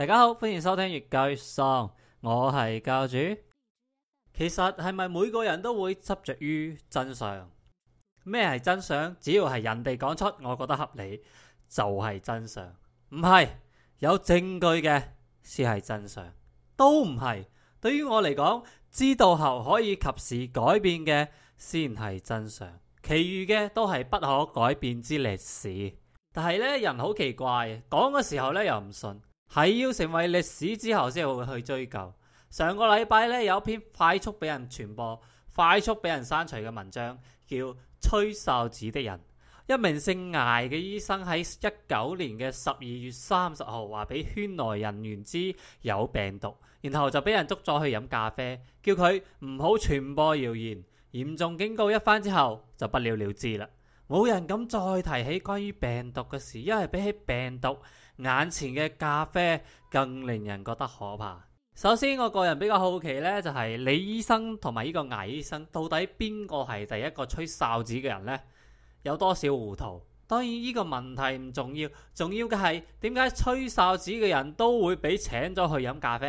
大家好，歡迎收聽越界《越教越喪》，我係教主。其實係咪每個人都會執着於真相？咩係真相？只要係人哋講出，我覺得合理就係真相，唔係有證據嘅先係真相，都唔係。對於我嚟講，知道後可以及時改變嘅先係真相，其餘嘅都係不可改變之歷史。但係咧，人好奇怪，講嘅時候咧又唔信。係要成為歷史之後先會去追究。上個禮拜咧，有篇快速俾人傳播、快速俾人刪除嘅文章，叫《吹哨子的人》。一名姓艾嘅醫生喺一九年嘅十二月三十號話俾圈內人員知有病毒，然後就俾人捉咗去飲咖啡，叫佢唔好傳播謠言，嚴重警告一番之後就不了了之啦。冇人敢再提起關於病毒嘅事，因為比起病毒，眼前嘅咖啡更令人覺得可怕。首先，我個人比較好奇呢，就係李醫生同埋呢個魏醫生到底邊個係第一個吹哨子嘅人呢？有多少糊塗？當然呢個問題唔重要，重要嘅係點解吹哨子嘅人都會畀請咗去飲咖啡？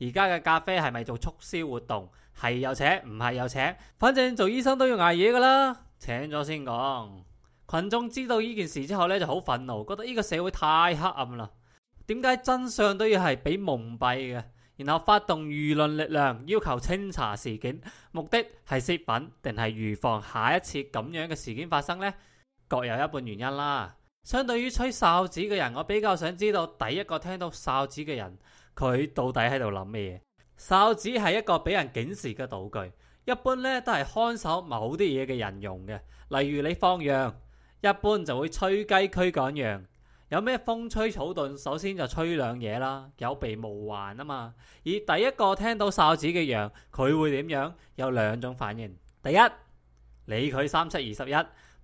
而家嘅咖啡係咪做促銷活動？係又請，唔係又請，反正做醫生都要捱嘢噶啦，請咗先講。群眾知道呢件事之後咧，就好憤怒，覺得呢個社會太黑暗啦。點解真相都要係俾蒙蔽嘅？然後發動輿論力量要求清查事件，目的係洩憤定係預防下一次咁樣嘅事件發生呢？各有一半原因啦。相對於吹哨哨子嘅人，我比較想知道第一個聽到哨子嘅人，佢到底喺度諗咩嘢？哨子係一個俾人警示嘅道具，一般咧，都係看守某啲嘢嘅人用嘅，例如你放羊。一般就會吹雞驅趕羊，有咩風吹草動，首先就吹兩嘢啦，有備無患啊嘛。而第一個聽到哨子嘅羊，佢會點樣？有兩種反應。第一，理佢三七二十一，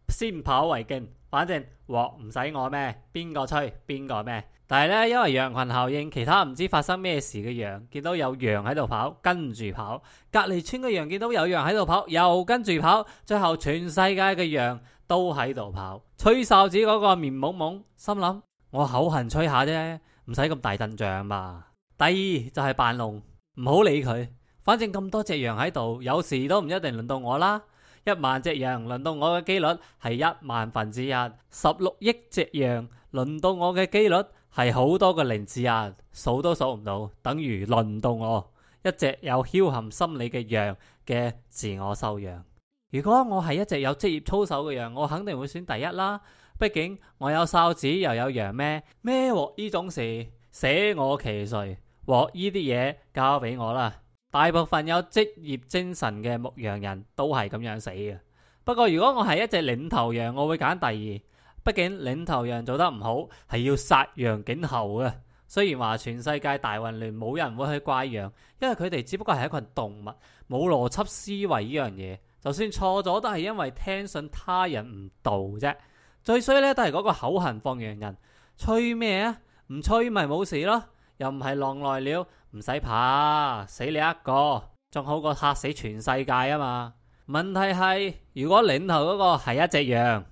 先跑為敬，反正鑊唔使我咩，邊個吹邊個咩。但係咧，因為羊群效應，其他唔知發生咩事嘅羊，見到有羊喺度跑，跟住跑；隔籬村嘅羊見到有羊喺度跑，又跟住跑，最後全世界嘅羊。都喺度跑，吹哨子嗰個面懵懵，心諗我口痕吹下啫，唔使咁大陣仗嘛。第二就係扮龍，唔好理佢，反正咁多隻羊喺度，有時都唔一定輪到我啦。一萬隻羊輪到我嘅幾率係一萬分之一，十六億隻羊輪到我嘅幾率係好多個零字啊，數都數唔到，等於輪到我一隻有僥幸心理嘅羊嘅自我修養。如果我係一隻有職業操守嘅羊，我肯定會選第一啦。畢竟我有哨子，又有羊咩咩喎，呢種事，捨我其誰喎，呢啲嘢交俾我啦。大部分有職業精神嘅牧羊人都係咁樣死嘅。不過如果我係一隻領頭羊，我會揀第二。畢竟領頭羊做得唔好係要殺羊儆猴嘅。雖然話全世界大混亂，冇人會去怪羊，因為佢哋只不過係一群動物，冇邏輯思維呢樣嘢。就算錯咗，都係因為聽信他人唔道啫。最衰咧，都係嗰個口痕放羊人吹咩啊？唔吹咪冇事咯，又唔係狼來了，唔使怕，死你一個，仲好過嚇死全世界啊嘛。問題係如果領頭嗰個係一隻羊，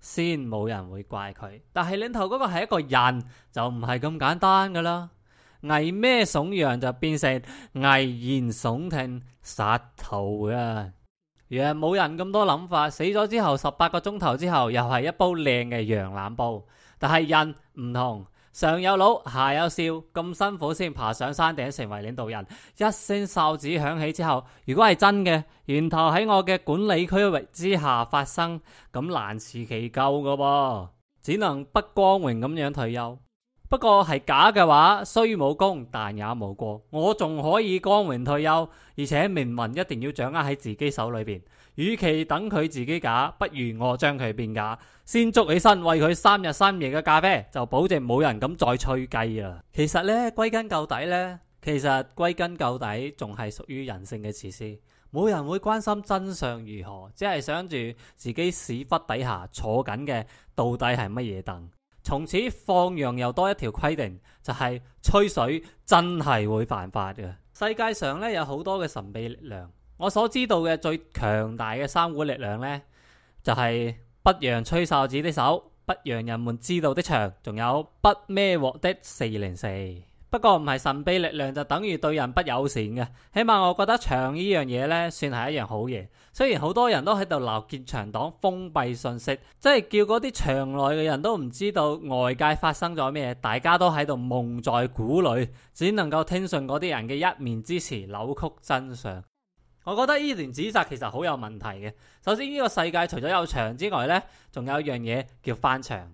先冇人會怪佢。但係領頭嗰個係一個人，就唔係咁簡單噶啦。危咩慫羊就變成危言聳聽，殺頭啊！原來冇人咁多諗法，死咗之後十八個鐘頭之後，又係一煲靚嘅羊腩煲。但係人唔同，上有老下有少，咁辛苦先爬上山頂成為領導人。一聲哨子響起之後，如果係真嘅，源頭喺我嘅管理區域之下發生，咁難辭其咎噶噃，只能不光榮咁樣退休。不過係假嘅話，雖冇功但也冇過，我仲可以光榮退休，而且命運一定要掌握喺自己手裏邊。與其等佢自己假，不如我將佢變假，先捉起身餵佢三日三夜嘅咖啡，就保證冇人敢再吹雞啦。其實呢，歸根究底呢，其實歸根究底仲係屬於人性嘅自私。冇人會關心真相如何，只係想住自己屎忽底下坐緊嘅到底係乜嘢凳。從此放羊又多一條規定，就係、是、吹水真係會犯法嘅。世界上咧有好多嘅神秘力量，我所知道嘅最強大嘅三股力量咧，就係、是、不讓吹哨子的手，不讓人們知道的牆，仲有不咩鑊的四零四。不過唔係神秘力量就等於對人不友善嘅，起碼我覺得牆呢樣嘢呢，算係一樣好嘢。雖然好多人都喺度鬧建牆黨封閉信息，即係叫嗰啲牆內嘅人都唔知道外界發生咗咩，大家都喺度蒙在鼓裏，只能夠聽信嗰啲人嘅一面之詞，扭曲真相。我覺得呢段指責其實好有問題嘅。首先呢個世界除咗有牆之外呢，仲有一樣嘢叫翻牆。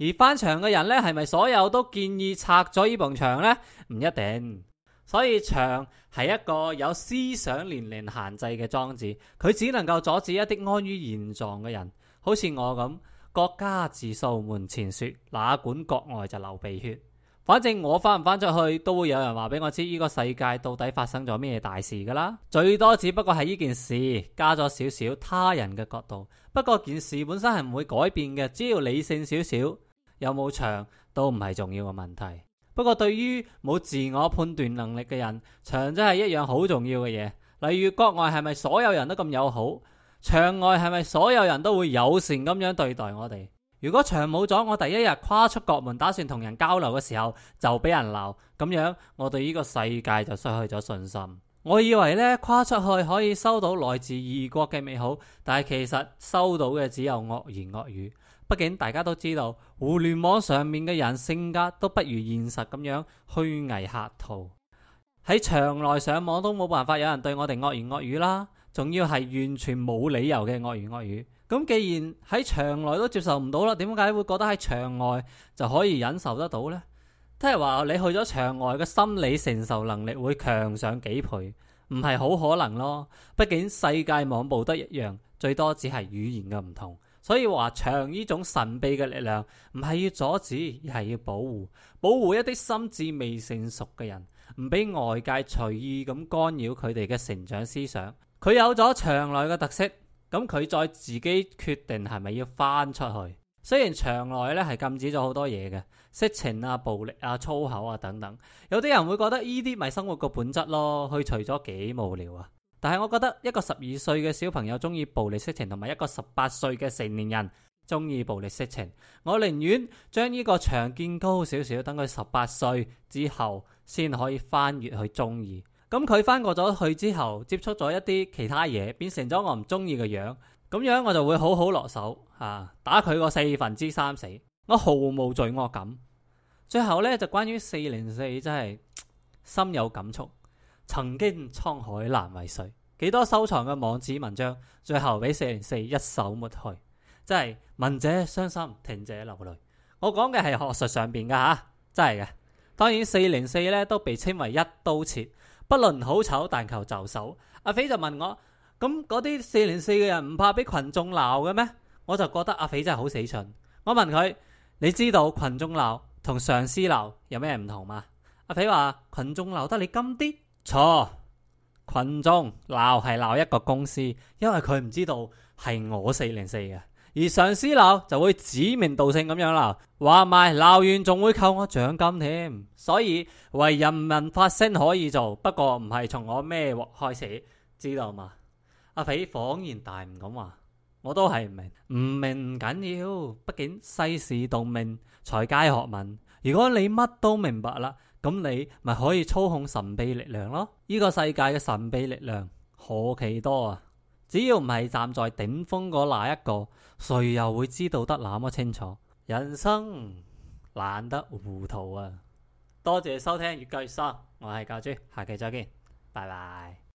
而翻牆嘅人咧，係咪所有都建議拆咗呢埲牆呢？唔一定，所以牆係一個有思想年齡限制嘅裝置，佢只能夠阻止一啲安於現狀嘅人，好似我咁。國家自掃門前雪，哪管國外就流鼻血。反正我翻唔翻出去，都會有人話俾我知呢個世界到底發生咗咩大事噶啦。最多只不過係呢件事加咗少少他人嘅角度，不過件事本身係唔會改變嘅，只要理性少少。有冇牆都唔係重要嘅問題。不過對於冇自我判斷能力嘅人，牆真係一樣好重要嘅嘢。例如國外係咪所有人都咁友好？牆外係咪所有人都會友善咁樣對待我哋？如果牆冇咗，我第一日跨出國門打算同人交流嘅時候就俾人鬧，咁樣我對呢個世界就失去咗信心。我以為咧跨出去可以收到來自異國嘅美好，但係其實收到嘅只有惡言惡語。畢竟大家都知道，互聯網上面嘅人性格都不如現實咁樣虛偽客套。喺牆內上網都冇辦法，有人對我哋惡言惡語啦，仲要係完全冇理由嘅惡言惡語。咁既然喺牆內都接受唔到啦，點解會覺得喺牆外就可以忍受得到呢？即係話你去咗牆外嘅心理承受能力會強上幾倍，唔係好可能咯。畢竟世界網布得一樣，最多只係語言嘅唔同。所以話牆呢種神秘嘅力量，唔係要阻止，而係要保護，保護一啲心智未成熟嘅人，唔俾外界隨意咁干擾佢哋嘅成長思想。佢有咗牆內嘅特色，咁佢再自己決定係咪要翻出去。雖然牆內咧係禁止咗好多嘢嘅色情啊、暴力啊、粗口啊等等，有啲人會覺得呢啲咪生活個本質咯，去除咗幾無聊啊。但係我覺得一個十二歲嘅小朋友中意暴力色情，同埋一個十八歲嘅成年人中意暴力色情，我寧願將呢個牆建高少少，等佢十八歲之後先可以翻越去中意。咁佢翻過咗去之後，接觸咗一啲其他嘢，變成咗我唔中意嘅樣，咁樣我就會好好落手吓、啊，打佢個四分之三死，我毫無罪惡感。最後呢，就關於四零四，真係心有感觸。曾經滄海難為水，幾多收藏嘅網址文章，最後俾四零四一手抹去，真係聞者傷心，聽者流淚。我講嘅係學術上邊嘅吓，真係嘅。當然四零四呢都被稱為一刀切，不論好醜，但求就手。阿肥就問我：咁嗰啲四零四嘅人唔怕俾群眾鬧嘅咩？我就覺得阿肥真係好死蠢。我問佢：你知道群眾鬧同上司鬧有咩唔同嗎、啊？阿肥話群眾鬧得你咁啲。錯，群眾鬧係鬧一個公司，因為佢唔知道係我四零四嘅，而上司鬧就會指名道姓咁樣鬧，話埋鬧完仲會扣我獎金添，所以為人民發聲可以做，不過唔係從我咩開始，知道嘛？阿肥恍然大悟咁話，我都係唔明。唔明唔緊要，畢竟世事洞明才皆學問，如果你乜都明白啦，咁你咪可以操控神秘力量咯？呢個世界嘅神秘力量何其多啊！只要唔係站在頂峰嗰哪一個，誰又會知道得那麼清楚？人生懶得糊塗啊！多謝收聽，越計越深，我係教主，下期再見，拜拜。